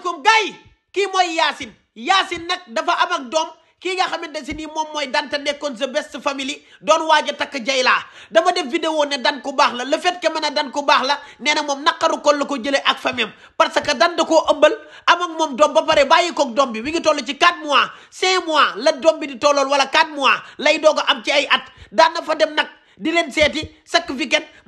comme gars yi kii mooy Yacine Yacine nag dafa am ak doom kii nga xamante si nii moom mooy Danta nekkoon the best family doon waaj a takk Jayla dama def vidéo ne dan ku baax la le fait que mën a dan ku baax la nee na moom naqaru ko la ko jëlee ak famem parce que dan da koo ëmbal am ak moom doom ba pare bàyyi kook doom bi mi ngi toll ci 4 mois 5 mois la doom bi di tollool wala 4 mois lay doog a am ci ay at daan na fa dem nag. di leen seeti chaque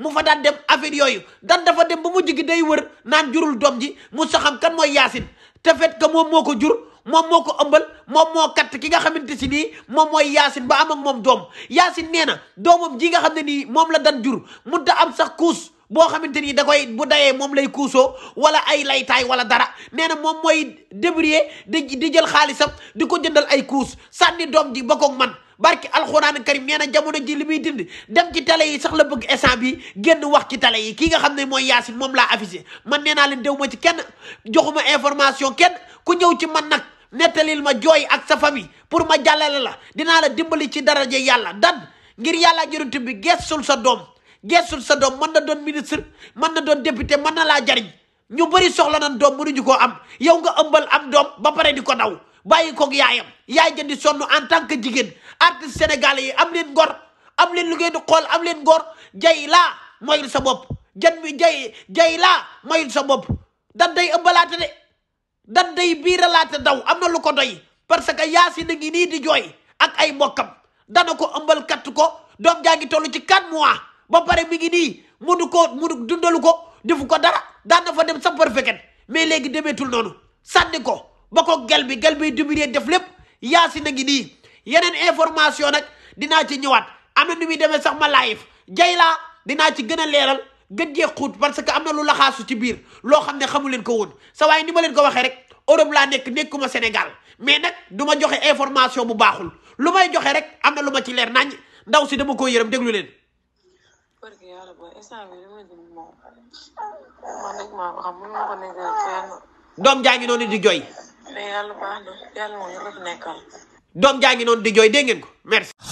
mu fa daan dem affaire yooyu dan dafa dem ba mujj gi day wër naan jurul doom ji mu saxam kan mooy yaasin te fait que moom moo ko jur moom moo ko ëmbal moom moo katt ki nga xamante si nii moom mooy yaasin ba am ak moom doom yaasin nee na doomam ji nga xam ne nii moom la dan jur mun ta am sax kuus boo xamante ni da koy bu dayee moom lay kuusoo wala ay laytaay wala dara nee na moom mooy débrouiller di di jël xaalisam di ko jëndal ay kuus sànni doom ji ba ko man barki alxuraan karim nee na jamono ji li muy dind dem ci télé yi sax la bëgg instant bi génn wax ci télé yi kii nga xam ne mooy Yacine moom laa affiché man nee naa leen dew ma ci kenn joxuma information kenn ku ñëw ci man nag nettaliil ma jooy ak sa famille pour ma jàllale la dinaa la dimbali ci daraja yàlla dan ngir yàlla jëruntu bi geesul sa doom geesul sa doom mën na doon ministre mën na doon député mën na laa jariñ ñu bari soxla nan doom mënuñu koo am yow nga ëmbal am doom ba pare di ko daw bàyyi koog yaayam yaay ja di sonn en tant que jigéen artiste sénégalais yi am leen ngor am leen lu ngeen di xool am leen ngor jay laa moyul sa bopp jan bi jay jay laa moyul sa bopp dan day ëmbalaate de dan day biiralaate daw am na lu ko doy parce que Yacine na ngi nii di jooy ak ay mbokkam dana ko ëmbal kat ko doom jaa ngi toll ci 4 mois ba pare mi ngi nii munu ko munu dundalu ko defu ko dara daan na fa dem sa perfeket mais léegi demeetul noonu sànni ko ba ko gel bi gel bi diminuer def lépp Yacine a ngi nii yeneen information nag dinaa ci ñëwaat am na nu muy demee sax ma live Dieyla dinaa ci gën a leeral gën jee xuut parce que am na lu laxaasu ci biir loo xam ne xamu leen ko woon sa waaye ni ma leen ko waxee rek Europe laa nekk nekkuma Sénégal mais nag du ma joxe information bu baaxul lu may joxe rek am na lu ma ci leer nañ ndaw si dama ko yërëm déglu leen. doom jaa ngi noonu di jooy. mais yàlla baax na yàlla mooy rëb nekkal. doom jaa ngi noonu di jooy dégg ngeen ko merci.